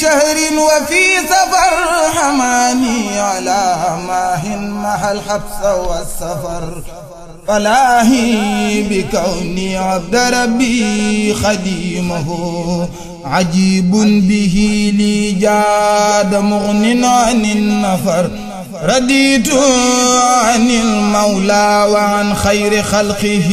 شهر وفي سفر حماني على ماه مع الحبس والسفر فلاهي بكوني عبد ربي خديمه عجيب به لي جاد مغن عن النفر رديت عن المولى وعن خير خلقه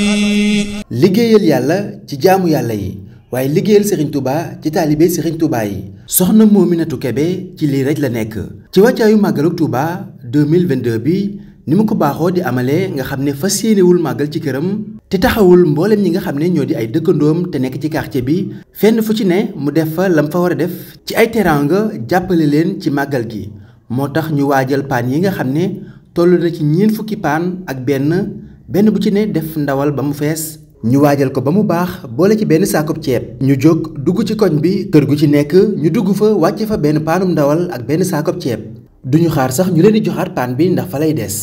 liggéeyal yàlla ci jaamu yàlla yi waaye liggéeyal Serigne Touba ci taalibe Serigne Touba yi soxna Mominatou Kébé ci lii rek la nekk ci wàccaayu màggalu Touba 2022 bi ni mu ko baaxoo di amalee nga xam ne fa yéenewul màggal ci këram te taxawul mboolem ñi nga xam ne ñoo di ay dëkkandoom te nekk ci quartier bi fenn fu ci ne mu def fa lam fa war a def ci ay teraanga jàppale leen ci màggal gi moo tax ñu waajal paan yi nga xam ne toll na ci ñeent fukki paan ak benn benn bu ci ne def ndawal ba mu fees ñu waajal ko ba mu baax boole ci benn saakub ceeb ñu jóg dugg ci koñ bi kër gu ci nekk ñu dugg fa wàcc fa benn paanum ndawal ak benn saakub ceeb duñu xaar sax ñu leen di joxaat paan bi ndax fa lay des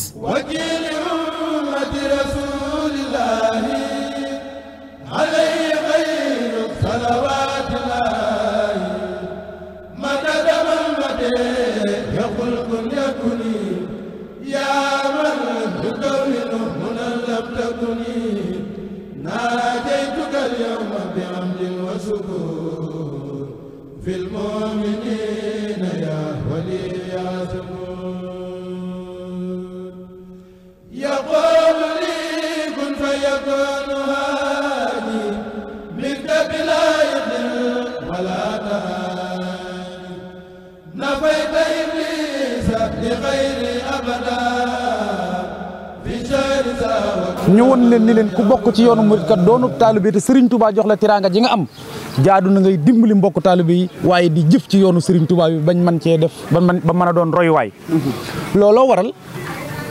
ñu won leen ni leen ku bokk ci yoonu murid kat doonu taalibe te Serigne Touba jox la tiraanga ji nga am jaadu na ngay dimbali mbokk taalibe yi waaye di jëf ci yoonu Serigne Touba bi bañ man cee def ba man ba mën a doon royuwaay looloo waral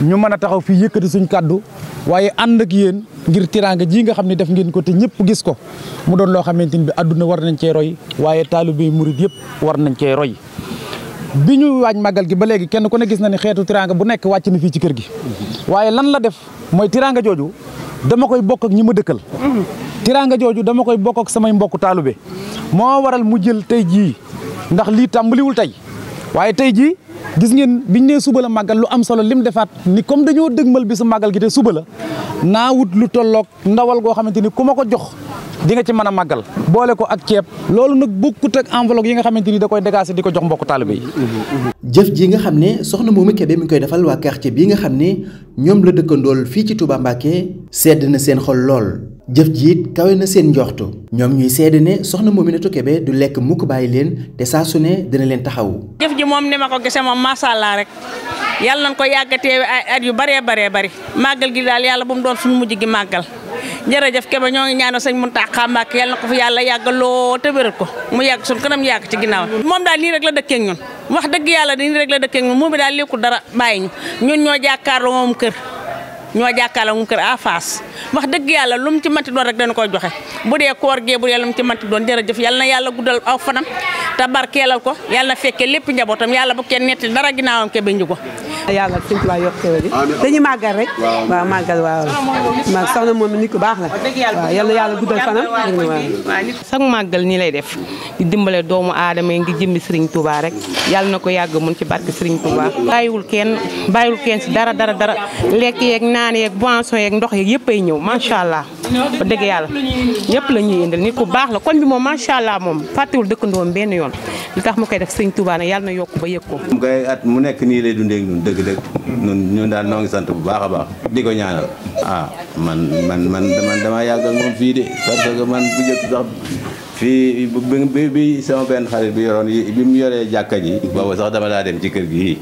ñu mën a taxaw fii yëkkati suñ kàddu waaye ànd ak yéen ngir tiraanga jii nga xam ne def ngeen ko te ñëpp gis ko mu doon loo xamante ni bi àdduna war nañ cee roy waaye taalibe yi murit yëpp war nañ cee roy bi ñu waañ màggal gi ba léegi kenn ku ne gis na ne xeetu tiraanga bu nekk wàcc na fii ci kër gi waaye lan la def mooy tiraanga jooju dama koy bokk ak ñi ma dëkkal. Mhm. tiraanga jooju dama koy bokk ak samay mbokku taalube moo waral mu jël tey jii ndax lii tàmbaliwul tey waaye tey jii. gis ngeen ñu nee suba la màggal lu am solo lim defaat ni comme dañoo dëgmal bi su màggal gi te suba la naawut lu tolloog ndawal goo xamante ni ku ma ko jox di nga ci mën a màggal boole ko ak ceeb loolu nag bokkut ak enveloppe yi nga xamante ni da koy dégager di ko jox mbokk taalibe yi jëf ji nga xam ne soxna Momy Kébé mi nga koy defal waa quartier bii nga xam ne ñoom la dëkkandool fii ci Touba Mbacké sedd na seen xol lool jëf ji it kawe na seen njoxtu ñoom ñuy seede ne soxna Mominatou Kébé du lekk mukk bàyyi leen te saa su ne dina leen taxawu. jëf ji moom ni ma ko gisee moom macha allah rek yàlla nañ ko yàgg a teewe ay at yu baree baree màggal gi daal yàlla bu mu doon suñu mujj gi màggal. jërëjëf Kébé ñoo ngi ñaanal sëñ Mountakha Mbacké yàlla na ko fi yàlla yàggaloo te wéral ko mu yàgg suñu kanam yàgg ci ginnaaw moom daal nii rek la dëkkee ñun wax dëgg yàlla nii rek la dëkkee ñun moom daal lékkul dara bàyyi ñu ñun ñoo jàkkaarloo moom kër ñoo jàkkaarloo mu kër à face wax dëgg yàlla lu mu ci manti doon rek dana koy joxe bu dee koor gee bu dee lu ci manti doon jërëjëf yàlla na yàlla guddal aw fanam te barkeelal ko yàlla na fekkee lépp njabootam yàlla bu kenn netti dara ginnaawam ke bañu ko yàlla suñu tubaab yokk xéwal yi dañuy màggal rek waaw màggal waaw ma soxna moom nit ku baax na waaw yàlla yàlla guddal fanam sax màggal nii lay def di dimbale doomu aadama yi ngi jëmmi Serigne Touba rek yàlla na ko yàgg mun ci barke Serigne Touba bàyyiwul kenn bàyyiwul kenn si dara dara dara lekk yeeg naan yeeg boisson yeek ndox yeeg yëpp ay ñëw macha allah dëgg yàlla ñëpp la ñuy indil nit ku baax la koñ bi moom macha allah moom fàttewul dëkkandoom benn yoon li tax mu koy def sëñ Touba nag na yokk ba yëg ko. mu koy at mu nekk nii lay dundee ak ñun dëgg-dëgg. ñun daal noongi sant bu baax a baax di ko ñaanal. ah man man man dama yàgg ak moom fii de parce que man bu njëkk sax fii bi bi sama benn xarit bi yoroon bi mu yoree jàkka ji. boobu sax dama daa dem ci kër gi.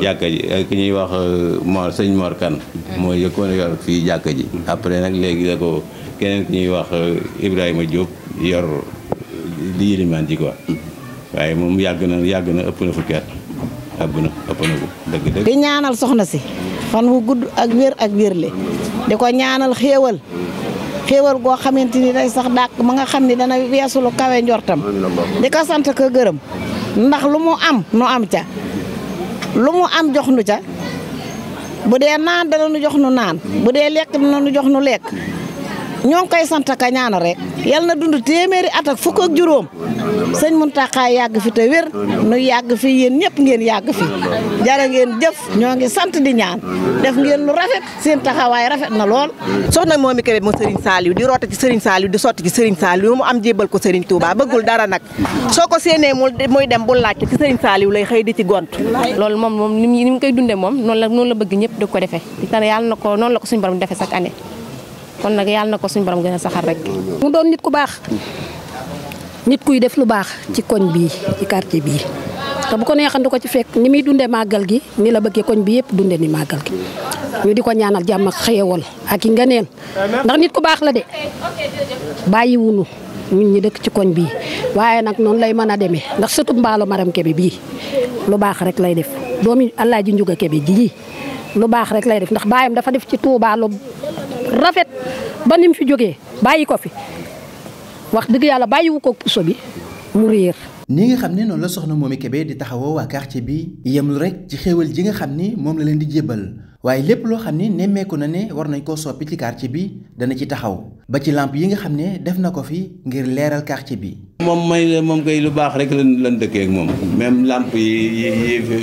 jàkka ji eh, ki ñuy wax eh, Mor sëñ Mor Kan mm. moo yëkkoon yor fii jàkka ji mm. après nag léegi la ko keneen ku ñuy wax eh, Ibrahima Diop yor di yilimaan ji quoi mm. waaye moom yàgg na yàgg na ëpp na fukki at ëpp na ëpp na ko dëgg dëgg di ñaanal soxna si fan wu gudd ak wér ak wérle di ko ñaanal xéewal xéewal goo xamante ni day sax dàq ma nga xam ni dana weesu kawe njortam di ko sant ko gërëm ndax lu mu am nu am ca lu mu am jox nu ca bu dee naan da nu jox nu naan bu dee lekk dana nu jox nu lekk ñoo ngi koy sant ka ñaana rek yal na dund téeméeri at ak fukk ak juróom sëñ Mountakha yàgg fi te wér nu yàgg fi yéen ñëpp ngeen yàgg fi jërë ngeen jëf ñoo ngi sant di ñaan def ngeen lu rafet seen taxawaay rafet na lool. soxna Momy Kébé moom Serigne Saliou di roote ci Serigne Saliou di sotti ci Serigne Saliou mu am jébal ko Serigne Touba bëggul dara nag soo ko séenee muy dem bu laajte ci Serigne Saliou lay xëy di ci gont. loolu moom moom ni mu koy dundee moom noon la noonu la bëgg ñëpp ko defee di tànn yàlla ko noonu la ko suñu borom defee chaque année. kon nag yàlla na ko suñ borom gën a saxar rek. mu doon nit ku baax nit kuy def lu baax ci koñ bii ci quartier bii te bu ko neexan du ko ci fekk ni muy dundee màggal gi ni la bëggee koñ bi yëpp dundee ni màggal gi ñu di ko ñaanal jàmm ak xéewal ak i ngeneen ndax nit ku baax la de bàyyiwunu ñun ñi dëkk ci koñ bii waaye nag noonu lay mën a demee ndax sëtu mbaalo maram kebe bii lu baax rek lay def doomi Alaaji Njuga Kebe ji lu baax rek lay def ndax baayam rafet ba ni mu fi jógee bàyyi ko fi wax dëgg yàlla bàyyiwu ko puso bi mu réer. ni nga xam ne noonu la soxna Momy Kébé di taxawoo waa quartier bi yemul rek ci xéewal ji nga xam ni moom la leen di jébbal waaye lépp loo xam ni nemmeeku na ne war nañ ko soppi ci quartier bi dana ci taxaw ba ci làmp yi nga xam ne def na ko fi ngir leeral quartier bi. moom may moom kay lu baax rek lan lan dëkkee moom même làmp yi yi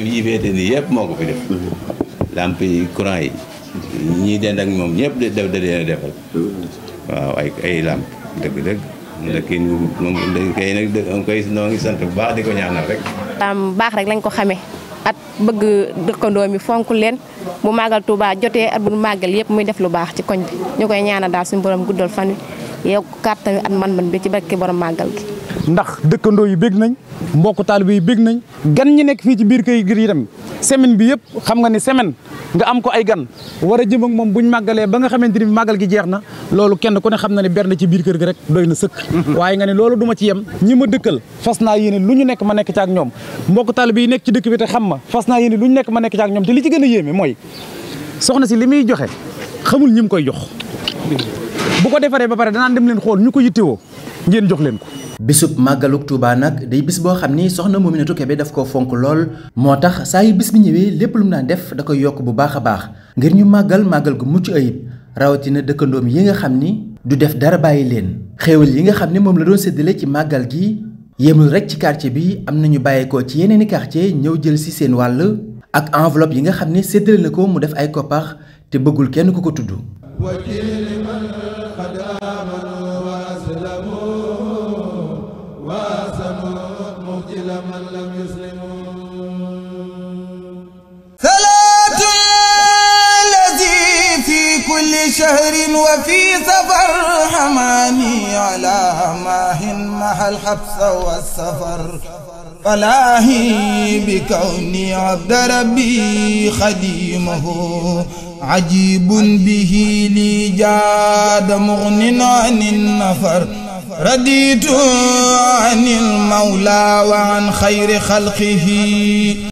yi féete nii yëpp moo ko fi def lamp yi. ñii dend ak moom ñëpp de da leen defal waaw ay làmp dëgg-dëgg da kii moom kay nag koy noo ngi sant bu baax di ko ñaanal rek am baax rek lañ ko xamee at bëgg dëkkandoo mi fonk leen bu màggal Touba jotee at bu màggal yëpp muy def lu baax ci koñ bi ñu koy ñaanal daal suñu borom guddal fan wi yow kàttan at man-man bi ci barke borom màggal gi ndax dëkkandoo yi bég nañ mbokk taalibe yi bég nañ gan ñu nekk fii ci biir kër yi itam semaine bi yëpp xam nga ne semaine nga am ko ay gan war a jëm ak moom buñ màggalee ba nga xamante ni màggal gi jeex na loolu kenn ku ne xam na ne berne ci biir kër gi rek doy na sëkk waaye nga ne loolu du ci yem ñi ma dëkkal fas naa yéene lu ñu nekk ma nekk ci ak ñoom mbokk taalibe yi nekk ci dëkk bi te xam ma fas naa yéene lu ñu nekk ma nekk ci ak ñoom te li ci gën a yéeme mooy soxna si li muy joxe xamul ñi mu koy jox bu ko defaree ba pare danaan dem leen xool ñu ko yittewoo ngeen jox leen ko bisub màggaluk Touba nag day bis boo xam ni soxna moom Mouminatou bi daf ko fonk lool moo tax saa yu bis bi ñëwee lépp naa def da ko yokk bu baax a baax ngir ñu màggal màggal gu mucc ayib rawatina dëkkandoom yi nga xam ni du def dara bàyyi leen xéewal yi nga xam ne moom la doon séddale ci màggal gi yéemul rek ci quartier bi am na nañu bàyyeekoo ci yeneen yeneeni quartier ñëw jël si seen wàll ak enveloppe yi nga xam ne séddale na ko mu def ay koppax te bëggul kenn ku ko tudd مسلمون صلاة الذي في كل شهر وفي سفر حماني على ماه مع الحبس والسفر فلاهي بكوني عبد ربي خديمه عجيب به لي جاد مغن عن النفر raditu anil mawla wa an xayri xalqihi